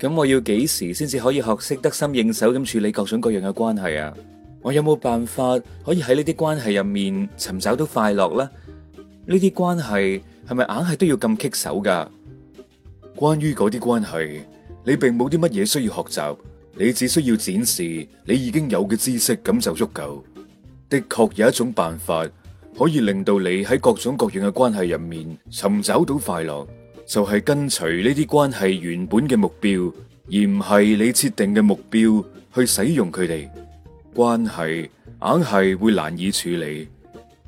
咁我要幾時先至可以學識得心應手咁處理各種各樣嘅關係啊？我有冇辦法可以喺呢啲關係入面尋找到快樂呢？呢啲關係係咪硬係都要咁棘手噶？關於嗰啲關係，你並冇啲乜嘢需要學習，你只需要展示你已經有嘅知識咁就足夠。的確有一種辦法可以令到你喺各種各樣嘅關係入面尋找到快樂。就係跟隨呢啲關係原本嘅目標，而唔係你設定嘅目標去使用佢哋。關係硬係會難以處理，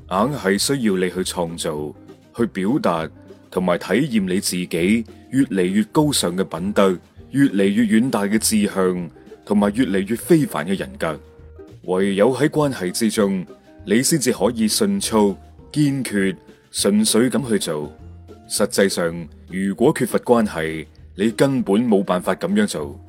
硬係需要你去創造、去表達同埋體驗你自己越嚟越高尚嘅品德、越嚟越遠大嘅志向同埋越嚟越非凡嘅人格。唯有喺關係之中，你先至可以迅速、堅決、純粹咁去做。實際上。如果缺乏關係，你根本冇辦法咁樣做。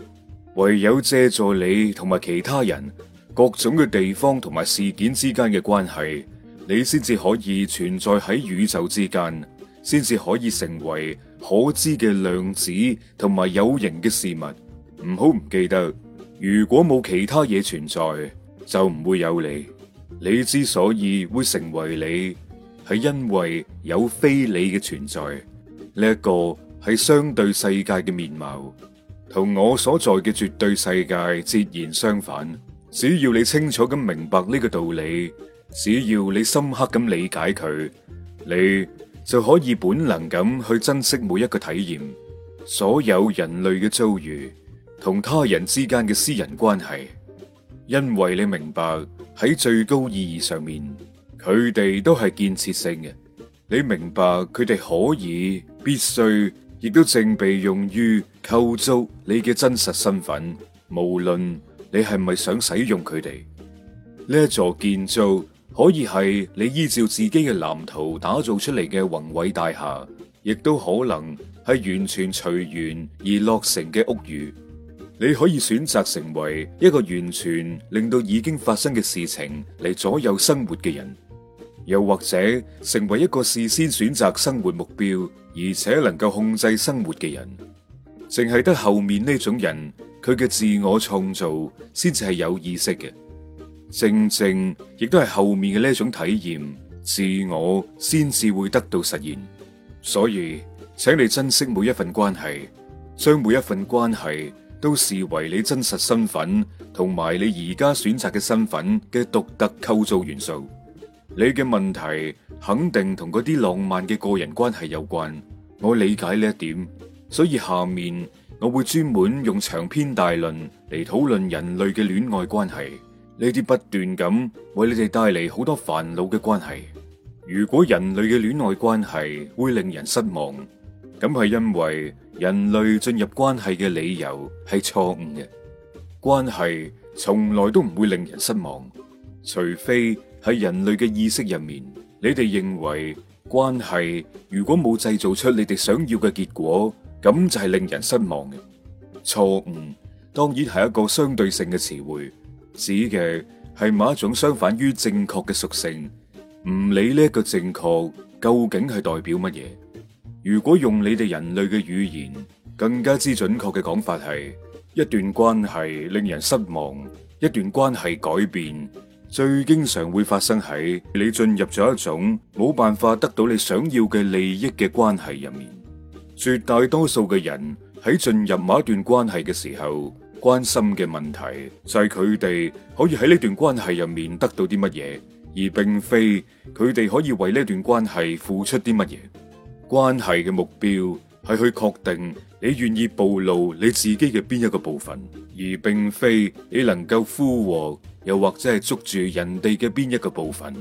唯有借助你同埋其他人各種嘅地方同埋事件之間嘅關係，你先至可以存在喺宇宙之間，先至可以成為可知嘅量子同埋有形嘅事物。唔好唔記得，如果冇其他嘢存在，就唔會有你。你之所以會成為你，係因為有非你嘅存在。呢一個係相對世界嘅面貌，同我所在嘅絕對世界截然相反。只要你清楚咁明白呢個道理，只要你深刻咁理解佢，你就可以本能咁去珍惜每一個體驗、所有人類嘅遭遇、同他人之間嘅私人關係，因為你明白喺最高意義上面，佢哋都係建設性嘅。你明白佢哋可以。必須亦都正被用於構築你嘅真實身份，無論你係咪想使用佢哋。呢一座建築可以係你依照自己嘅藍圖打造出嚟嘅宏偉大廈，亦都可能係完全隨緣而落成嘅屋宇。你可以選擇成為一個完全令到已經發生嘅事情嚟左右生活嘅人。又或者成為一個事先選擇生活目標，而且能夠控制生活嘅人，淨係得後面呢種人，佢嘅自我創造先至係有意識嘅。正正亦都係後面嘅呢種體驗，自我先至會得到實現。所以，請你珍惜每一份關係，將每一份關係都視為你真實身份同埋你而家選擇嘅身份嘅獨特構造元素。你嘅問題肯定同嗰啲浪漫嘅個人關係有關，我理解呢一點，所以下面我會專門用長篇大論嚟討論人類嘅戀愛關係。呢啲不斷咁為你哋帶嚟好多煩惱嘅關係。如果人類嘅戀愛關係會令人失望，咁係因為人類進入關係嘅理由係錯誤嘅，關係從來都唔會令人失望，除非。喺人類嘅意識入面，你哋認為關係如果冇製造出你哋想要嘅結果，咁就係令人失望嘅錯誤。當然係一個相對性嘅詞彙，指嘅係某一種相反於正確嘅屬性。唔理呢個正確究竟係代表乜嘢，如果用你哋人類嘅語言，更加之準確嘅講法係：一段關係令人失望，一段關係改變。最經常會發生喺你進入咗一種冇辦法得到你想要嘅利益嘅關係入面。絕大多數嘅人喺進入某一段關係嘅時候，關心嘅問題就係佢哋可以喺呢段關係入面得到啲乜嘢，而並非佢哋可以為呢段關係付出啲乜嘢。關係嘅目標係去確定。你願意暴露你自己嘅邊一個部分，而並非你能夠俘獲，又或者係捉住人哋嘅邊一個部分。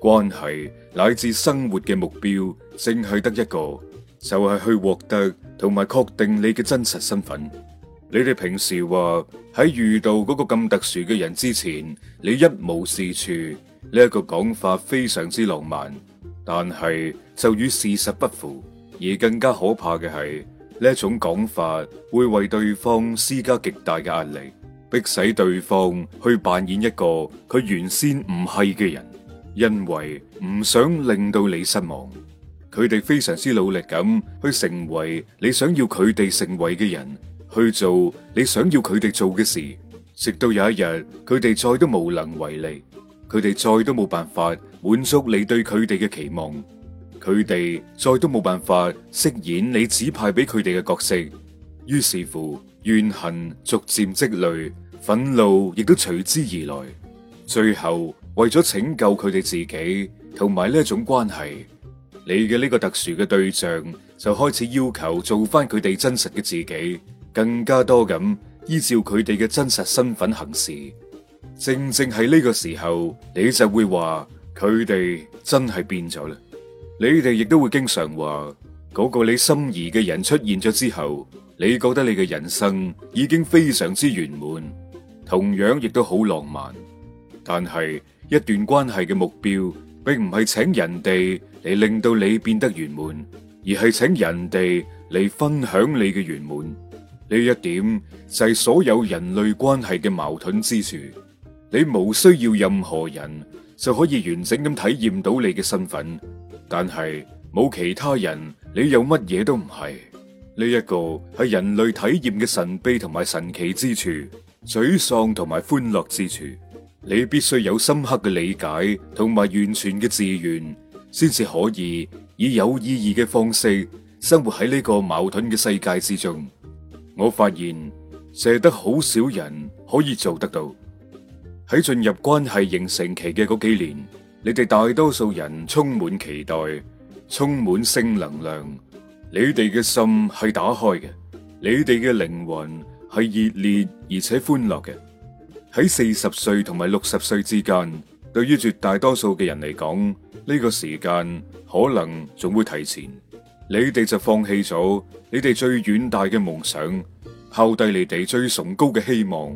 關係，乃至生活嘅目標，正係得一個就係、是、去獲得同埋確定你嘅真實身份。你哋平時話喺遇到嗰個咁特殊嘅人之前，你一無是處呢一、這個講法非常之浪漫，但係就與事實不符，而更加可怕嘅係。呢種講法會為對方施加極大嘅壓力，迫使對方去扮演一個佢原先唔係嘅人，因為唔想令到你失望。佢哋非常之努力咁去成為你想要佢哋成為嘅人，去做你想要佢哋做嘅事，直到有一日，佢哋再都無能為力，佢哋再都冇辦法滿足你對佢哋嘅期望。佢哋再都冇辦法飾演你指派俾佢哋嘅角色，於是乎怨恨逐漸積累，憤怒亦都隨之而來。最後為咗拯救佢哋自己同埋呢一種關係，你嘅呢個特殊嘅對象就開始要求做翻佢哋真實嘅自己，更加多咁依照佢哋嘅真實身份行事。正正喺呢個時候，你就會話佢哋真係變咗啦。你哋亦都會經常話，嗰個你心儀嘅人出現咗之後，你覺得你嘅人生已經非常之圓滿，同樣亦都好浪漫。但係一段關係嘅目標，並唔係請人哋嚟令到你變得圓滿，而係請人哋嚟分享你嘅圓滿。呢一點就係所有人類關係嘅矛盾之處。你冇需要任何人。就可以完整咁體驗到你嘅身份，但係冇其他人，你有乜嘢都唔係。呢一個係人類體驗嘅神秘同埋神奇之處，沮喪同埋歡樂之處，你必須有深刻嘅理解同埋完全嘅自願，先至可以以有意義嘅方式生活喺呢個矛盾嘅世界之中。我發現，剩得好少人可以做得到。喺進入關係形成期嘅嗰幾年，你哋大多數人充滿期待，充滿性能量。你哋嘅心係打開嘅，你哋嘅靈魂係熱烈而且歡樂嘅。喺四十歲同埋六十歲之間，對於絕大多數嘅人嚟講，呢個時間可能仲會提前。你哋就放棄咗你哋最遠大嘅夢想，拋低你哋最崇高嘅希望，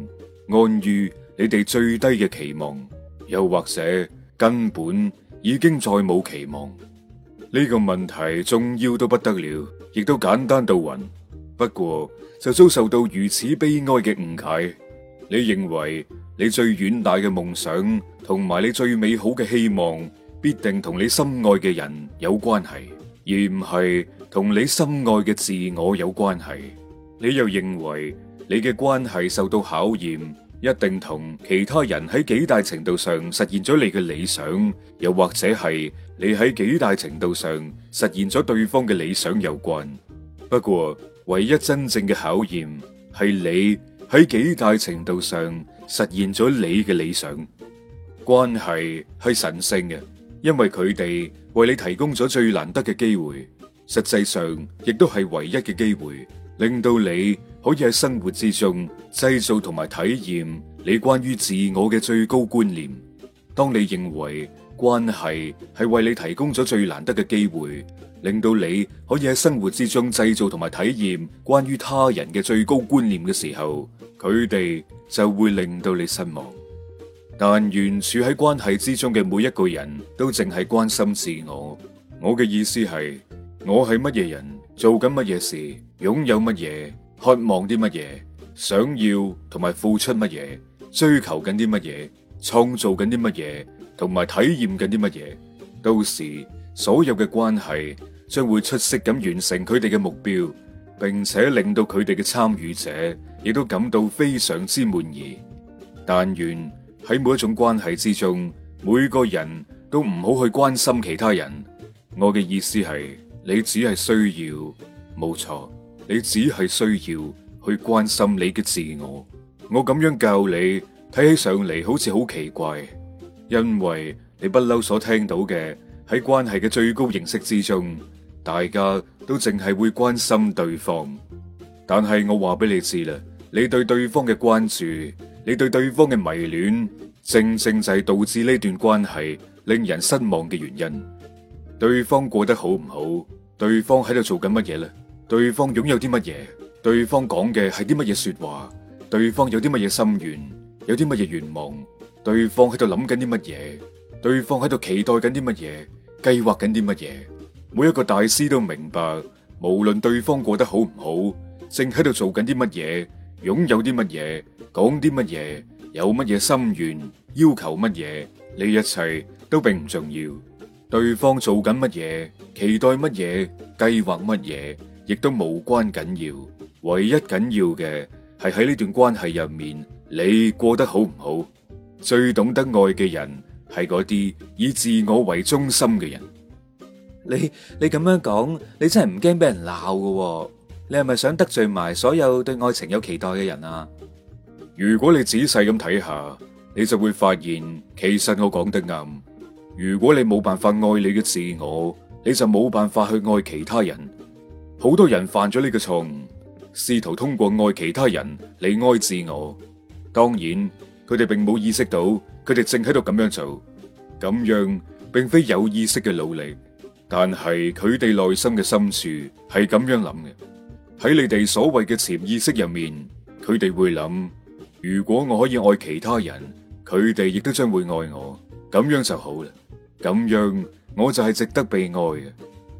安於。你哋最低嘅期望，又或者根本已經再冇期望。呢個問題重要都不得了，亦都簡單到暈。不過就遭受到如此悲哀嘅誤解。你認為你最遠大嘅夢想同埋你最美好嘅希望，必定同你心愛嘅人有關係，而唔係同你心愛嘅自我有關係。你又認為你嘅關係受到考驗。一定同其他人喺幾大程度上實現咗你嘅理想，又或者係你喺幾大程度上實現咗對方嘅理想有關。不過，唯一真正嘅考驗係你喺幾大程度上實現咗你嘅理想。關係係神聖嘅，因為佢哋為你提供咗最難得嘅機會，實際上亦都係唯一嘅機會，令到你。可以喺生活之中製造同埋體驗你關於自我嘅最高觀念。當你認為關係係為你提供咗最難得嘅機會，令到你可以喺生活之中製造同埋體驗關於他人嘅最高觀念嘅時候，佢哋就會令到你失望。但原處喺關係之中嘅每一個人都淨係關心自我。我嘅意思係我係乜嘢人，做緊乜嘢事，擁有乜嘢，渴望啲乜嘢，想要同埋付出乜嘢，追求緊啲乜嘢，創造緊啲乜嘢，同埋體驗緊啲乜嘢，到時所有嘅關係將會出色咁完成佢哋嘅目標，並且令到佢哋嘅參與者亦都感到非常之滿意。但願喺每一種關係之中，每個人都唔好去關心其他人。我嘅意思係，你只係需要，冇錯。你只係需要去關心你嘅自我。我咁樣教你，睇起上嚟，好似好奇怪，因為你不嬲所聽到嘅，喺關係嘅最高形式之中，大家都淨係會關心對方。但係我話俾你知啦，你對對方嘅關注，你對對方嘅迷戀，正正就係導致呢段關係令人失望嘅原因。對方過得好唔好？對方喺度做緊乜嘢咧？對方擁有啲乜嘢？對方講嘅係啲乜嘢說話？對方有啲乜嘢心願？有啲乜嘢願望？對方喺度諗緊啲乜嘢？對方喺度期待緊啲乜嘢？計劃緊啲乜嘢？每一個大師都明白，無論對方過得好唔好，正喺度做緊啲乜嘢，擁有啲乜嘢，講啲乜嘢，有乜嘢心願，要求乜嘢，呢一切都並唔重要。對方做緊乜嘢？期待乜嘢？計劃乜嘢？亦都無關緊要，唯一緊要嘅係喺呢段關係入面，你過得好唔好？最懂得愛嘅人係嗰啲以自我為中心嘅人。你你咁樣講，你真係唔驚俾人鬧㗎喎？你係咪想得罪埋所有對愛情有期待嘅人啊？如果你仔細咁睇下，你就會發現其實我講得啱。如果你冇辦法愛你嘅自我，你就冇辦法去愛其他人。好多人犯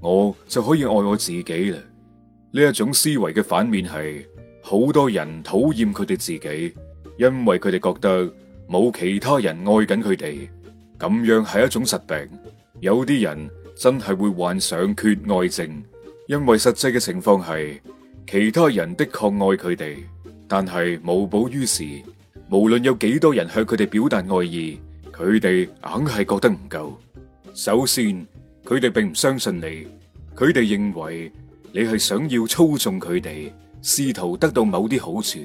我就可以愛我自己啦。呢一種思維嘅反面係好多人討厭佢哋自己，因為佢哋覺得冇其他人愛緊佢哋。咁樣係一種疾病。有啲人真係會患上缺愛症，因為實際嘅情況係其他人的確愛佢哋，但係無補於事。無論有幾多人向佢哋表達愛意，佢哋硬係覺得唔夠。首先，佢哋並唔相信你。佢哋認為你係想要操縱佢哋，試圖得到某啲好處。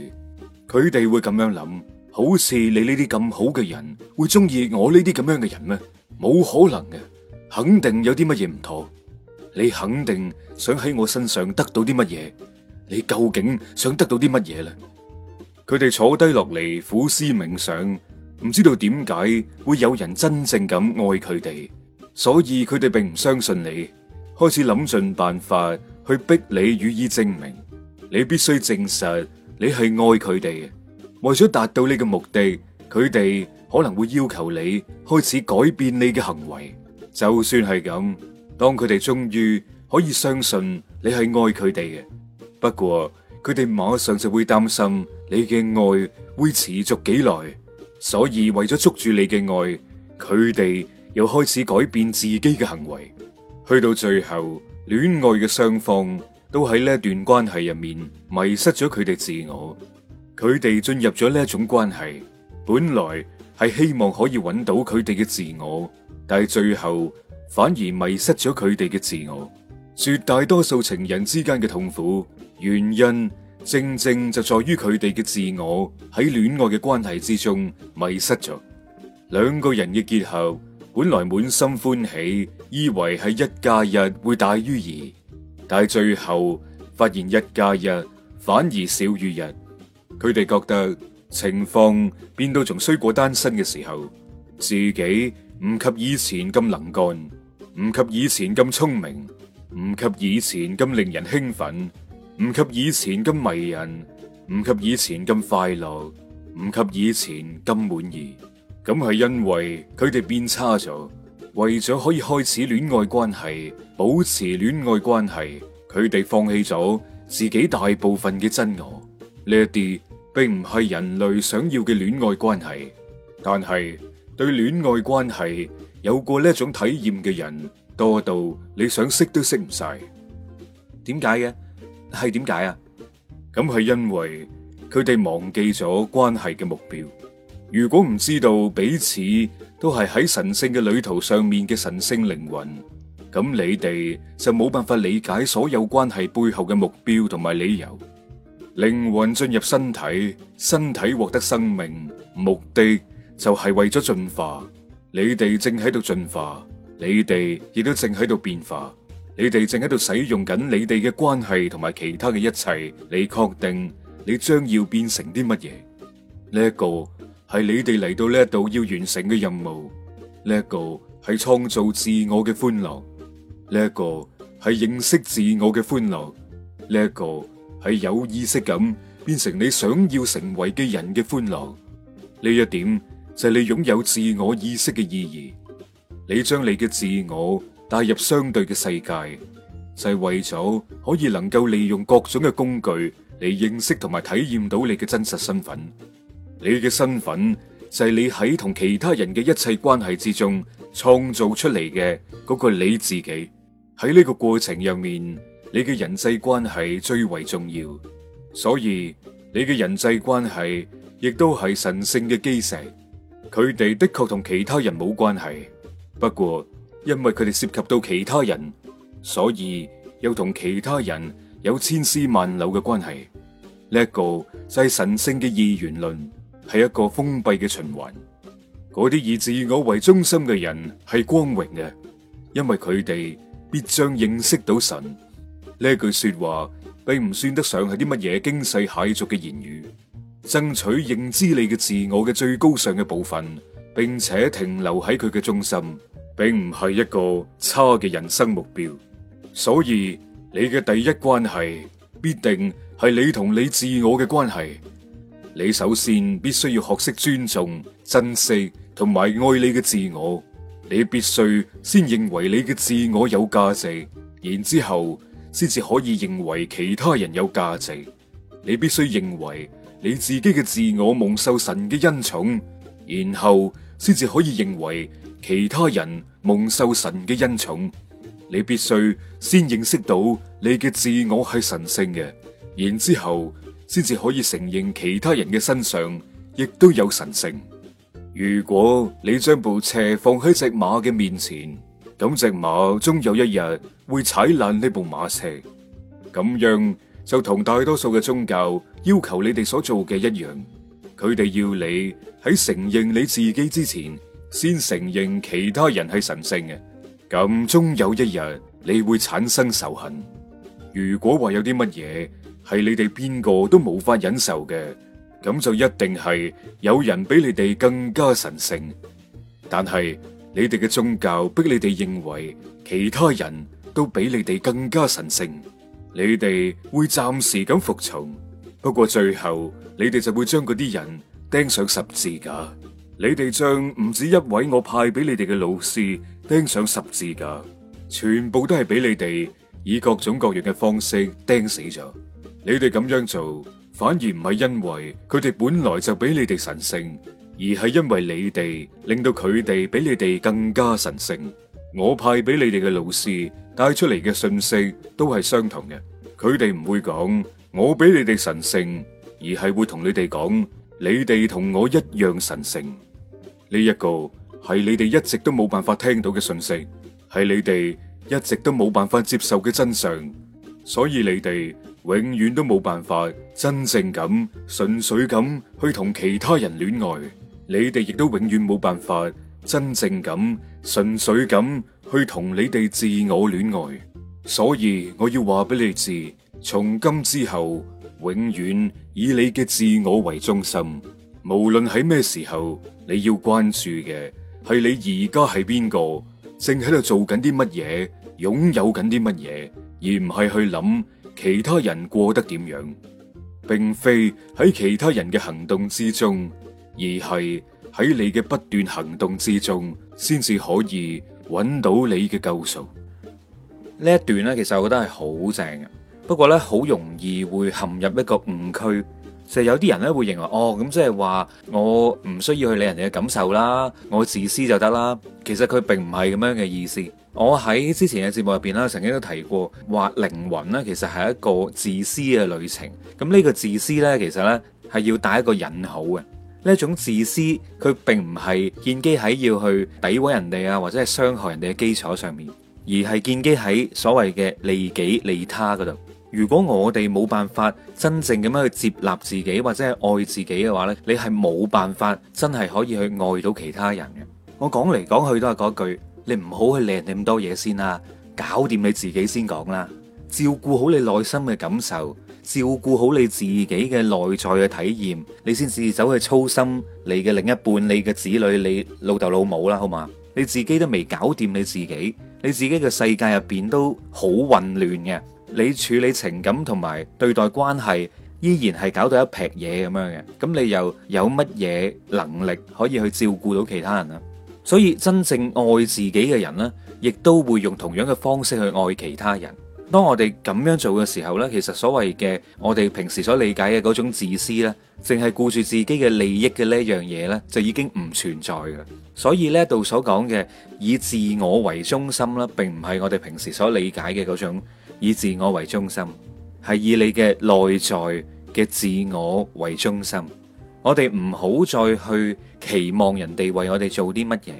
佢哋會咁樣諗，好似你呢啲咁好嘅人會中意我呢啲咁樣嘅人咩？冇可能嘅，肯定有啲乜嘢唔妥。你肯定想喺我身上得到啲乜嘢？你究竟想得到啲乜嘢呢？佢哋坐低落嚟，苦思冥想，唔知道點解會有人真正咁愛佢哋，所以佢哋並唔相信你。開始諗盡辦法去逼你予以證明，你必須證實你係愛佢哋。為咗達到你嘅目的，佢哋可能會要求你開始改變你嘅行為。就算係咁，當佢哋終於可以相信你係愛佢哋嘅，不過佢哋馬上就會擔心你嘅愛會持續幾耐，所以為咗捉住你嘅愛，佢哋又開始改變自己嘅行為。去到最後，戀愛嘅雙方都喺呢段關係入面迷失咗佢哋自我。佢哋進入咗呢一種關係，本來係希望可以揾到佢哋嘅自我，但係最後反而迷失咗佢哋嘅自我。絕大多數情人之間嘅痛苦原因，正正就在於佢哋嘅自我喺戀愛嘅關係之中迷失咗。兩個人嘅結合。本來滿心歡喜，以為係一加一會大於二，但係最後發現一加一反而少於一。佢哋覺得情況變到仲衰過單身嘅時候，自己唔及以前咁能幹，唔及以前咁聰明，唔及以前咁令人興奮，唔及以前咁迷人，唔及以前咁快樂，唔及以前咁滿意。咁係因為佢哋變差咗，為咗可以開始戀愛關係、保持戀愛關係，佢哋放棄咗自己大部分嘅真我。呢一啲並唔係人類想要嘅戀愛關係，但係對戀愛關係有過呢種體驗嘅人多到你想識都識唔晒。點解嘅？係點解啊？咁係因為佢哋忘記咗關係嘅目標。如果唔知道彼此都係喺神聖嘅旅途上面嘅神聖靈魂，咁你哋就冇辦法理解所有關係背後嘅目標同埋理由。靈魂進入身體，身體獲得生命，目的就係為咗進化。你哋正喺度進化，你哋亦都正喺度變化。你哋正喺度使用緊你哋嘅關係同埋其他嘅一切，你確定你將要變成啲乜嘢呢一個係你哋嚟到呢度要完成嘅任務，呢一個係創造自我嘅歡樂，呢一個係認識自我嘅歡樂，呢一個係有意識咁變成你想要成為嘅人嘅歡樂。呢一點就係你擁有自我意識嘅意義。你將你嘅自我帶入相對嘅世界，就係為咗可以能夠利用各種嘅工具嚟認識同埋體驗到你嘅真實身份。你嘅身份就係你喺同其他人嘅一切關係之中創造出嚟嘅嗰個你自己。喺呢個過程入面，你嘅人際關係最為重要，所以你嘅人際關係亦都係神聖嘅基石。佢哋的確同其他人冇關係，不過因為佢哋涉及到其他人，所以又同其他人有千絲萬縷嘅關係。呢、這、一個就係神聖嘅二元論。係一個封閉嘅循環，嗰啲以自我為中心嘅人係光榮嘅，因為佢哋必將認識到神。呢句說話，並唔算得上係啲乜嘢驚世駭俗嘅言語。爭取認知你嘅自我嘅最高尚嘅部分，並且停留喺佢嘅中心，並唔係一個差嘅人生目標。所以你嘅第一關係必定係你同你自我嘅關係。你首先必須要學識尊重、珍惜同埋愛你嘅自我，你必須先認為你嘅自我有價值，然之後先至可以認為其他人有價值。你必須認為你自己嘅自我蒙受神嘅恩寵，然後先至可以認為其他人蒙受神嘅恩寵。你必須先認識到你嘅自我係神聖嘅，然之後，先至可以承認其他人嘅身上亦都有神性。如果你將部車放喺隻馬嘅面前，咁隻馬終有一日會踩爛呢部馬車。咁樣就同大多數嘅宗教要求你哋所做嘅一樣，佢哋要你喺承認你自己之前，先承認其他人係神性嘅。咁終有一日你會產生仇恨。如果話有啲乜嘢係你哋邊個都無法忍受嘅，咁就一定係有人比你哋更加神聖。但係你哋嘅宗教逼你哋認為其他人都比你哋更加神聖，你哋會暫時咁服從，不過最後你哋就會將嗰啲人釘上十字架。你哋將唔止一位我派俾你哋嘅老師釘上十字架，全部都係俾你哋以各種各樣嘅方式釘死咗。你哋咁樣做，反而唔係因為佢哋本來就比你哋神聖，而係因為你哋令到佢哋比你哋更加神聖。我派俾你哋嘅老師帶出嚟嘅信息都係相同嘅，佢哋唔會講我比你哋神聖，而係會同你哋講，你哋同我一樣神聖。呢、這、一個係你哋一直都冇辦法聽到嘅信息，係你哋一直都冇辦法接受嘅真相，所以你哋，永遠都冇辦法真正咁純粹咁去同其他人戀愛，你哋亦都永遠冇辦法真正咁純粹咁去同你哋自我戀愛。所以我要話俾你知，從今之後，永遠以你嘅自我為中心。無論喺咩時候，你要關注嘅係你而家係邊個，正喺度做緊啲乜嘢，擁有緊啲乜嘢，而唔係去諗。其他人過得點樣，並非喺其他人嘅行動之中，而係喺你嘅不斷行動之中，先至可以揾到你嘅救贖。呢一段咧，其實我覺得係好正嘅，不過咧，好容易會陷入一個誤區。就有啲人咧會認為，哦，咁即係話我唔需要去理人哋嘅感受啦，我自私就得啦。其實佢並唔係咁樣嘅意思。我喺之前嘅節目入邊咧，曾經都提過話靈魂咧，其實係一個自私嘅旅程。咁呢個自私咧，其實咧係要帶一個引號嘅。呢一種自私，佢並唔係建基喺要去詆毀人哋啊，或者係傷害人哋嘅基礎上面，而係建基喺所謂嘅利己利他嗰度。如果我哋冇辦法真正咁樣去接納自己或者係愛自己嘅話呢，你係冇辦法真係可以去愛到其他人嘅。我講嚟講去都係嗰句，你唔好去理人咁多嘢先啦，搞掂你自己先講啦，照顧好你內心嘅感受，照顧好你自己嘅內在嘅體驗，你先至走去操心你嘅另一半、你嘅子女、你老豆老母啦，好嘛？你自己都未搞掂你自己，你自己嘅世界入邊都好混亂嘅。你處理情感同埋對待關係依然係搞到一撇嘢，咁樣嘅，咁你又有乜嘢能力可以去照顧到其他人啊？所以真正愛自己嘅人呢，亦都會用同樣嘅方式去愛其他人。當我哋咁樣做嘅時候呢，其實所謂嘅我哋平時所理解嘅嗰種自私呢，淨係顧住自己嘅利益嘅呢樣嘢呢，就已經唔存在噶。所以呢度所講嘅以自我為中心啦，並唔係我哋平時所理解嘅嗰種。以自我為中心，係以你嘅內在嘅自我為中心。我哋唔好再去期望人哋為我哋做啲乜嘢，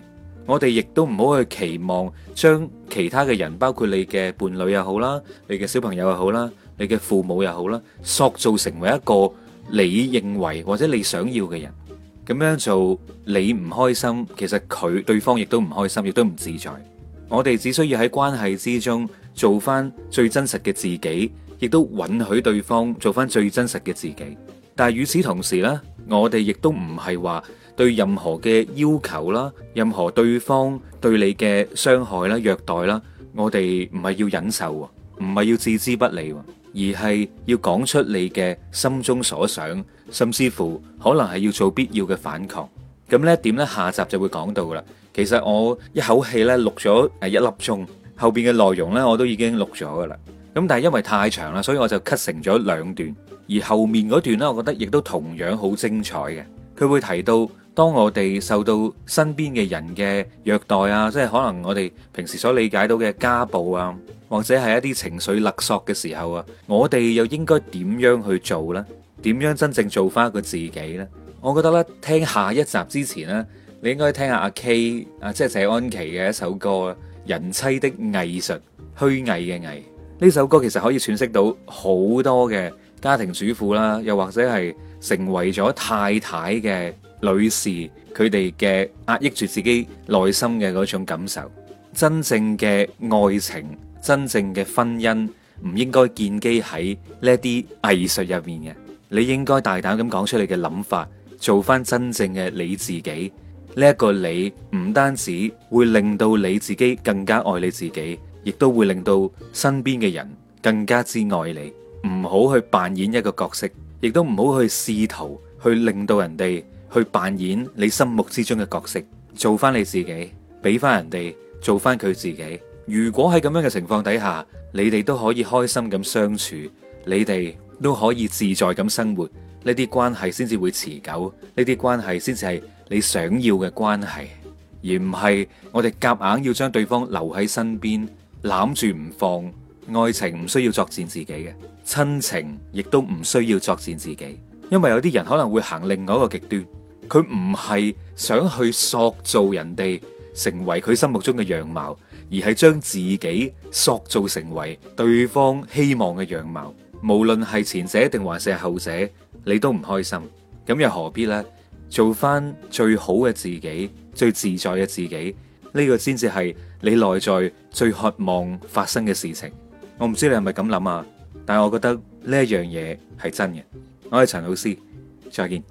我哋亦都唔好去期望將其他嘅人，包括你嘅伴侶又好啦，你嘅小朋友又好啦，你嘅父母又好啦，塑造成為一個你認為或者你想要嘅人。咁樣做你唔開心，其實佢對方亦都唔開心，亦都唔自在。我哋只需要喺關係之中。做翻最真實嘅自己，亦都允許對方做翻最真實嘅自己。但係與此同時呢，我哋亦都唔係話對任何嘅要求啦，任何對方對你嘅傷害啦、虐待啦，我哋唔係要忍受，唔係要置之不理，而係要講出你嘅心中所想，甚至乎可能係要做必要嘅反抗。咁呢一點呢，下集就會講到噶啦。其實我一口氣呢，錄咗誒一粒鐘。後邊嘅內容呢，我都已經錄咗噶啦。咁但係因為太長啦，所以我就 cut 成咗兩段。而後面嗰段呢，我覺得亦都同樣好精彩嘅。佢會提到，當我哋受到身邊嘅人嘅虐待啊，即係可能我哋平時所理解到嘅家暴啊，或者係一啲情緒勒索嘅時候啊，我哋又應該點樣去做呢？點樣真正做翻一個自己呢？我覺得咧，聽下一集之前呢，你應該聽下阿 K，啊，即係謝安琪嘅一首歌啦。人妻的藝術，虛偽嘅藝，呢首歌其實可以詮釋到好多嘅家庭主婦啦，又或者係成為咗太太嘅女士，佢哋嘅壓抑住自己內心嘅嗰種感受。真正嘅愛情，真正嘅婚姻，唔應該建基喺呢啲藝術入面嘅。你應該大膽咁講出你嘅諗法，做翻真正嘅你自己。呢一個你唔單止會令到你自己更加愛你自己，亦都會令到身邊嘅人更加之愛你。唔好去扮演一個角色，亦都唔好去試圖去令到人哋去扮演你心目之中嘅角色，做翻你自己，俾翻人哋，做翻佢自己。如果喺咁樣嘅情況底下，你哋都可以開心咁相處，你哋都可以自在咁生活，呢啲關係先至會持久，呢啲關係先至係。你想要嘅關係，而唔係我哋夾硬要將對方留喺身邊攬住唔放。愛情唔需要作踐自己嘅，親情亦都唔需要作踐自己。因為有啲人可能會行另外一個極端，佢唔係想去塑造人哋成為佢心目中嘅樣貌，而係將自己塑造成為對方希望嘅樣貌。無論係前者定還是係後者，你都唔開心，咁又何必呢？做翻最好嘅自己，最自在嘅自己，呢個先至係你內在最渴望發生嘅事情。我唔知你係咪咁諗啊？但係我覺得呢一樣嘢係真嘅。我係陳老師，再見。